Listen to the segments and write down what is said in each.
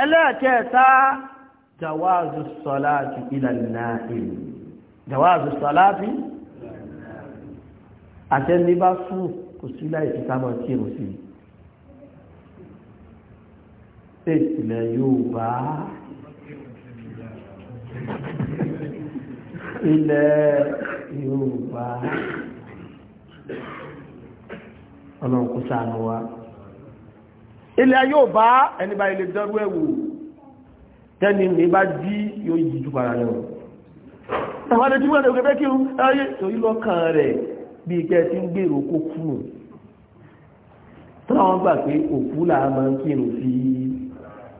ẹlẹ́ẹ̀kẹta jawazu salati ilal-na'im jawazu salati àtẹ́ni bá fún kò sí láì fi sábà tí èrò sí ìpìlẹ̀ yóò bá ilẹ̀ yóò bá ọlọ́run kó ilé ayé ò bá ẹni bá ilé dọ́rú ẹ̀ wò tẹ́ni ní bá jí yóò yí ju para lẹ́wọ̀n àwọn àti tí wọ́n lè gbẹ́ kí o ayé torí lọ́kàn rẹ̀ bí ikẹ́ ti ń gbèrò kó kú nù táwọn gbà pé òkú là máa ń kírun sí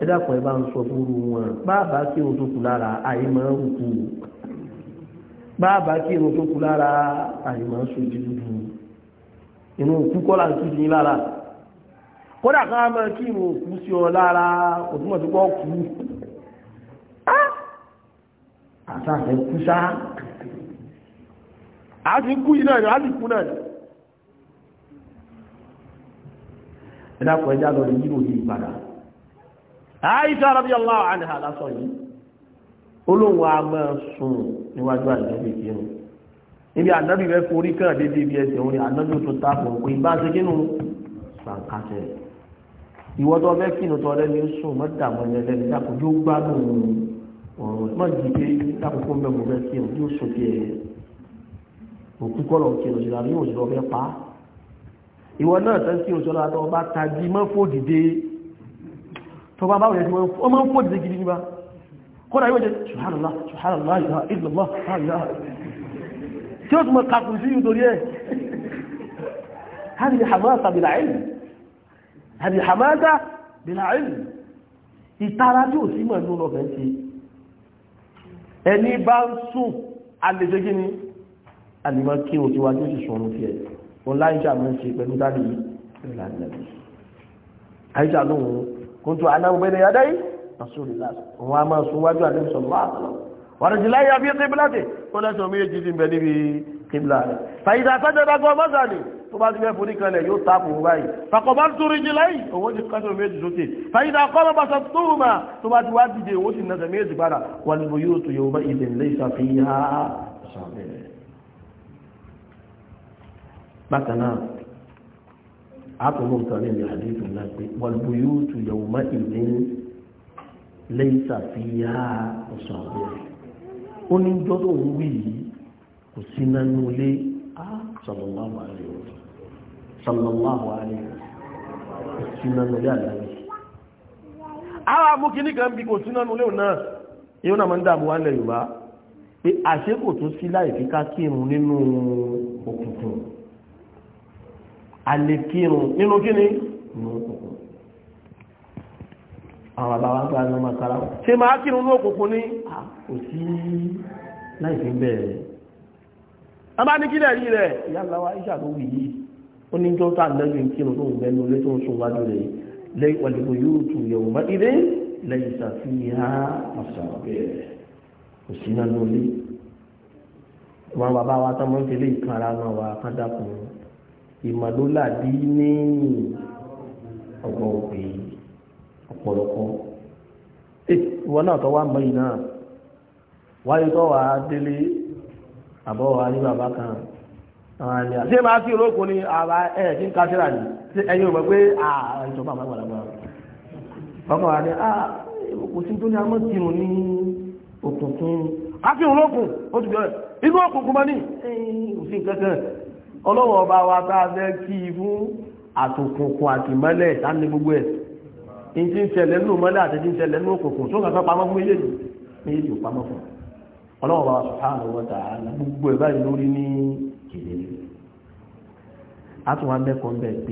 ẹ dákun ẹ bá ń sọ fúru wọn báàbá kírun tó kù lára àyè máa ń rùkú báàbá kírun tó kù lára àyè máa ń sojú dúdú inú òkú kọ́ là ń kí sí lára kódà kan mọ́ kí ìrò òkú sí ọ lára òtúmọ̀ tó pọ̀ kú àtàfẹ́ kú sá a ti kú iná ìrìn a ti kú náà ìdápọ̀ ẹjá lọ rí yíò yìí padà Aisha radiyallahu anha lásọ yìí olóhùn a mọ́ sùn níwájú àjẹ́bì kírun níbi ànábì rẹ̀ forí kàn dédé bí ẹsẹ̀ orin ànábì tó tápọ̀ pé bá ṣe kínú sàkásẹ̀ ìwọ tó fẹ́ kí nìtọ́ lẹ́ni sùn mọ́ dààmú ẹlẹ́ni dàpọ̀ yóò gbádùn ọ̀rọ̀ mọ́ dìde dàpọ̀ fún bẹ́ẹ̀ mo fẹ́ kí nìtọ́ yóò sòkè ẹ̀ òkú kọ́lọ̀ kí nìtọ́ yóò yóò sọ fẹ́ pa ìwọ náà tẹ́ sí òṣèlú àtọ́ ọba tají mọ́ fòdìde tọba báwọn ẹ̀sìn wọ́n mọ́ fòdìde gidi níbá kọ́nà yóò jẹ́ subhanallah subhanallah illallah tí ó túnmọ̀ kàkùn sí ìtorí ẹ̀ àbí hamada bìláìlì ìtara tí ò sí mọ̀ ní ọlọ́fẹ́ ti ẹni bá ń sùn alẹ́ṣẹ́ gíní alìmọ́ kí o ti wá tí ó sì sọ̀rọ̀ fi ẹ̀ wọn láìṣà mọ́ ṣe pẹ̀lú dáadé ìlànàbí àìṣà lóhun kó tó aláwọ̀bẹ̀rẹ̀ yàdá yìí àṣírí láti wọn a máa sún wájú àdébìsọ̀ lọ́wọ́ àtàlọ́ wàrẹ̀jì láyé abíyẹ́ tẹ́bílátì ó lẹ́sọ̀ méjì ti bẹ̀ kíbla rẹ̀ fàyídà sájẹ́dágọ́ mọ́sàlì tó bá ti fẹ́ forí kanlẹ̀ yóò tápù báyìí fàkọ̀bá ń torí jí láì òun ti kásọ̀ méjì sókè fàyídà kọ́lọ̀ bá sàtúùmà tó bá ti wá dìde òun ti nàzẹ̀ méjì padà wà ní bóyú tó yóò bá ilẹ̀ ilé ìsàfihàn bákan náà àtúnmọ̀ nǹkan ní ìhàdíìtì ńlá pé wà ní bóyú tó yóò bá ilẹ̀ ilé ìsàfihàn ọ̀sán ó ní jọ́ tó ń wí yìí kò sí nánú ilé sallallahu alaihi wa sallallahu alaihi wa kò sí nánú ilé àdáyé ara mú kí níkan bí kò sí nánú ilé náà yíò náà máa ń dàbò wálẹ̀ yorùbá pé àṣẹ kò tó sí láì fi ká kírun nínú òkùnkùn alè kírun nínú kíni nínú òkùnkùn àwọn àbáwá gbára ní ọmọ kára ṣe máa kírun ní òkùnkùn ní kò láì fi bẹ̀rẹ̀ a bá ní kí lẹ́rí rẹ̀ ìyálawa iṣẹ́ ló wì yìí ó ní jọ́ tá lẹ́yìn kí ló ń bẹnu lé tó ń sùn wájú rẹ̀ lẹ́yìn pẹ̀lú yóò tún yẹ̀wò mọ́ ilé lẹ́yìn ìṣàfihàn àṣàbẹ̀ kò sí náà lólé wọn bàbá wa tán mọ́ ń tẹ̀lé ìkanra náà wà kádàkùn ìmọ̀lólà bí ní ọgbọ̀n òpè ọ̀pọ̀lọpọ̀ eh, ìwọ náà àbọ̀ wa ní bàbá kan àwọn àlè àti ṣé máa fi olóko ni àbá ẹ̀ kí n ka síra ni ẹ̀yin ò mọ̀ pé ìjọba àmọ́ àgbàlagbà ọkọ̀ wa ni ah, kò sí tó ní amọ́ tìrùn ní òkùnkùn a fi olókùn ó ti bẹ̀rẹ̀ inú òkùnkùn mọ́ ní òfin kankan ọlọ́wọ́ ọba wa tá a fẹ́ kí i fún àtòkùnkùn àti mọ́lẹ̀ ìtàní gbogbo ẹ̀ ìtì ń ṣẹlẹ̀ nínú mọ́lẹ̀ àti ìtì ń ṣẹlẹ̀ nínú òkùnkùn tó kàn fẹ́ pamọ́ fún méjèèjì méjèèjì ò pamọ́ fún un ọlọ́ọ̀bá subhanahu wa ta'ala gbogbo ẹ̀ báyìí lórí ní kèdèrè